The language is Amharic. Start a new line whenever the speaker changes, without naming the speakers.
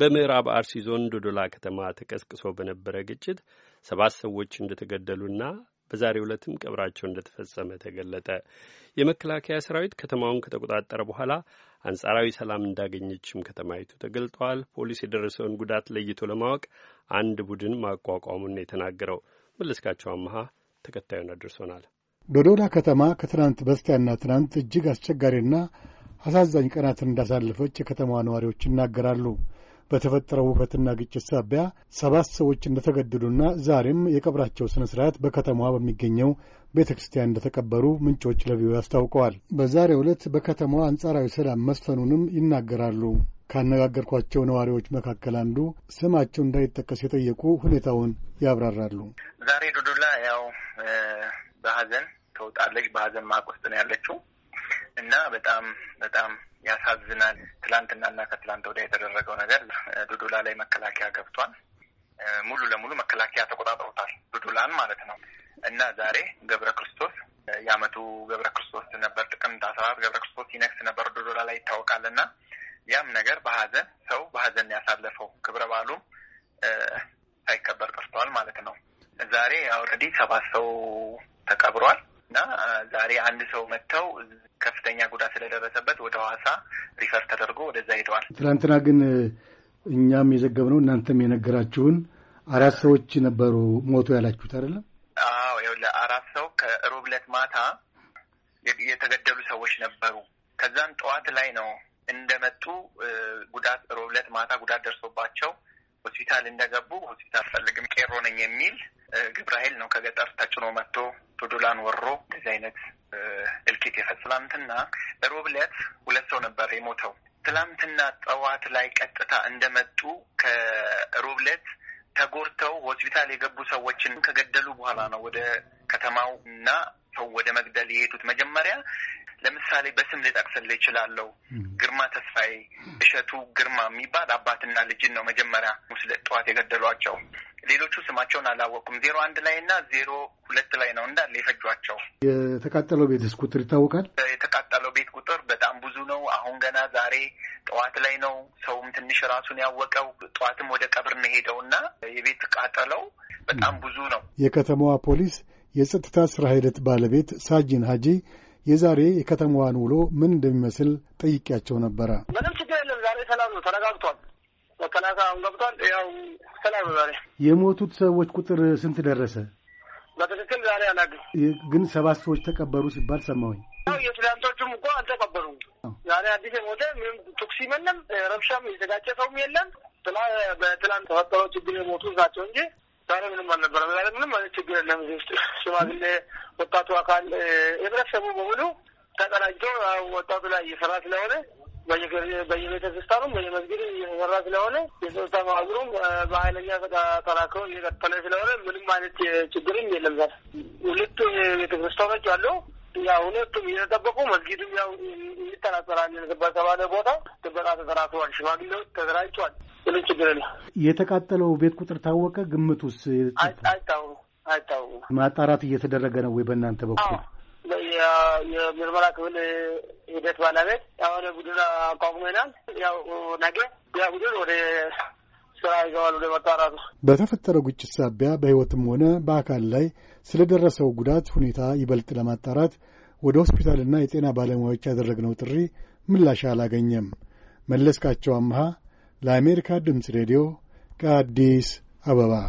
በምዕራብ አርሲ ዞን ዶዶላ ከተማ ተቀስቅሶ በነበረ ግጭት ሰባት ሰዎች እንደተገደሉና በዛሬ ዕለትም ቀብራቸው እንደተፈጸመ ተገለጠ። የመከላከያ ሰራዊት ከተማውን ከተቆጣጠረ በኋላ አንጻራዊ ሰላም እንዳገኘችም ከተማይቱ ተገልጠዋል። ፖሊስ የደረሰውን ጉዳት ለይቶ ለማወቅ አንድ ቡድን ማቋቋሙን የተናገረው መለስካቸው አመሃ ተከታዩን አድርሶናል።
ዶዶላ ከተማ ከትናንት በስቲያና ትናንት እጅግ አስቸጋሪና አሳዛኝ ቀናትን እንዳሳለፈች የከተማዋ ነዋሪዎች ይናገራሉ። በተፈጠረው ውከትና ግጭት ሳቢያ ሰባት ሰዎች እንደተገደሉና ዛሬም የቀብራቸው ስነ ስርዓት በከተማዋ በሚገኘው ቤተ ክርስቲያን እንደተቀበሩ ምንጮች ለቪዮ አስታውቀዋል። በዛሬው ዕለት በከተማዋ አንጻራዊ ሰላም መስፈኑንም ይናገራሉ። ካነጋገርኳቸው ነዋሪዎች መካከል አንዱ ስማቸው እንዳይጠቀስ የጠየቁ ሁኔታውን ያብራራሉ። ዛሬ
ዱዱላ ያው በሀዘን ተውጣለች። በሀዘን ማቅ ውስጥ ነው ያለችው እና በጣም በጣም ያሳዝናል። ትላንትናና ከትላንት ወዲያ የተደረገው ነገር ዶዶላ ላይ መከላከያ ገብቷል። ሙሉ ለሙሉ መከላከያ ተቆጣጥሮታል፣ ዱዱላን ማለት ነው። እና ዛሬ ገብረ ክርስቶስ የአመቱ ገብረ ክርስቶስ ነበር። ጥቅምት አስራ አራት ገብረ ክርስቶስ ይነግስ ነበር ዱዱላ ላይ ይታወቃል። እና ያም ነገር በሀዘን ሰው በሀዘን ያሳለፈው ክብረ በዓሉም ሳይከበር ቀርተዋል ማለት ነው። ዛሬ አውረዲ ሰባት ሰው ተቀብሯል። እና ዛሬ አንድ ሰው መጥተው
ከፍተኛ ጉዳት ስለደረሰበት ወደ ሐዋሳ ሪፈር ተደርጎ ወደዛ ሄደዋል። ትናንትና ግን እኛም የዘገብነው እናንተም የነገራችሁን አራት ሰዎች ነበሩ ሞቶ ያላችሁት አይደለም?
አዎ ይኸውልህ አራት ሰው ከሮብለት ዕለት ማታ የተገደሉ ሰዎች ነበሩ። ከዛም ጠዋት ላይ ነው እንደመጡ ጉዳት ሮብ ዕለት ማታ ጉዳት ደርሶባቸው ሆስፒታል እንደገቡ ሆስፒታል ፈልግም ቄሮ ነኝ የሚል ግብረ ኃይል ነው ከገጠር ተጭኖ መጥቶ ዶዶላን ወሮ እንደዚህ አይነት እልቂት የፈጽ ትላንትና ሮብለት ሁለት ሰው ነበር የሞተው። ትላንትና ጠዋት ላይ ቀጥታ እንደመጡ ከሮብለት ተጎድተው ሆስፒታል የገቡ ሰዎችን ከገደሉ በኋላ ነው ወደ ከተማው እና ሰው ወደ መግደል የሄዱት። መጀመሪያ ለምሳሌ በስም ልጠቅስልህ እችላለሁ። ግርማ ተስፋዬ፣ እሸቱ ግርማ የሚባል አባትና ልጅን ነው መጀመሪያ ጠዋት የገደሏቸው። ሌሎቹ ስማቸውን አላወቁም ዜሮ አንድ ላይ እና ዜሮ ሁለት ላይ ነው እንዳለ የፈጇቸው።
የተቃጠለው ቤትስ ቁጥር ይታወቃል? የተቃጠለው ቤት ቁጥር በጣም ብዙ ነው። አሁን ገና ዛሬ ጠዋት ላይ ነው ሰውም ትንሽ ራሱን ያወቀው። ጠዋትም ወደ ቀብር ነው እና የቤት ቃጠለው በጣም ብዙ ነው። የከተማዋ ፖሊስ የጸጥታ ስራ ሂደት ባለቤት ሳጅን ሀጂ የዛሬ የከተማዋን ውሎ ምን እንደሚመስል ጠይቄያቸው ነበረ። ምንም ችግር የለም። ዛሬ ሰላም ነው፣
ተረጋግቷል። መከላከያውን ገብቷል። ያው ተላይ ዛሬ
የሞቱት ሰዎች ቁጥር ስንት ደረሰ?
በትክክል ዛሬ አላውቅም፣
ግን ሰባት ሰዎች ተቀበሩ ሲባል ሰማሁኝ።
የትላንቶቹም እኮ አልተቀበሩም። ዛሬ አዲስ የሞተ ምንም ቱክሲም የለም፣ ረብሻም የተጋጨ ሰውም የለም። በትላንት ተፈጠሮ ችግር የሞቱ ናቸው እንጂ ዛሬ ምንም አልነበረም። ዛሬ ምንም አይነት ችግር የለም። እዚህ ውስጥ ሽማግሌ፣ ወጣቱ አካል፣ ህብረተሰቡ በሙሉ ተቀናጅቶ ወጣቱ ላይ እየሰራ ስለሆነ በየቤተ በየመስጊድ እየተሰራ ስለሆነ የጾታ ማህበሩም በሀይለኛ ተጠራክሮ እየቀጠለ ስለሆነ ምንም አይነት ችግርም የለም። ዛሬ ሁለቱ ቤተ ክርስቲያኖች አሉ። ያ ሁለቱም እየተጠበቁ መስጊድም ያው እንጠራጠራለን በተባለ ቦታ ጥበቃ ተጠራክሯል። ሽማግሌዎች ተደራጅቷል። ምንም ችግር የለም።
የተቃጠለው ቤት ቁጥር ታወቀ? ግምት ውስጥ
አይታወቅም። አይታወቅም።
ማጣራት እየተደረገ ነው ወይ በእናንተ በኩል?
የምርመራ ክፍል ሂደት ባለቤት የሆነ ቡድን አቋቁመናል። ያው ነገ ያ ቡድን ወደ ስራ
ይገባል ወደ መጣራቱ። በተፈጠረው ግጭት ሳቢያ በህይወትም ሆነ በአካል ላይ ስለደረሰው ጉዳት ሁኔታ ይበልጥ ለማጣራት ወደ ሆስፒታልና የጤና ባለሙያዎች ያደረግነው ጥሪ ምላሽ አላገኘም። መለስካቸው አምሃ ለአሜሪካ ድምፅ ሬዲዮ ከአዲስ አበባ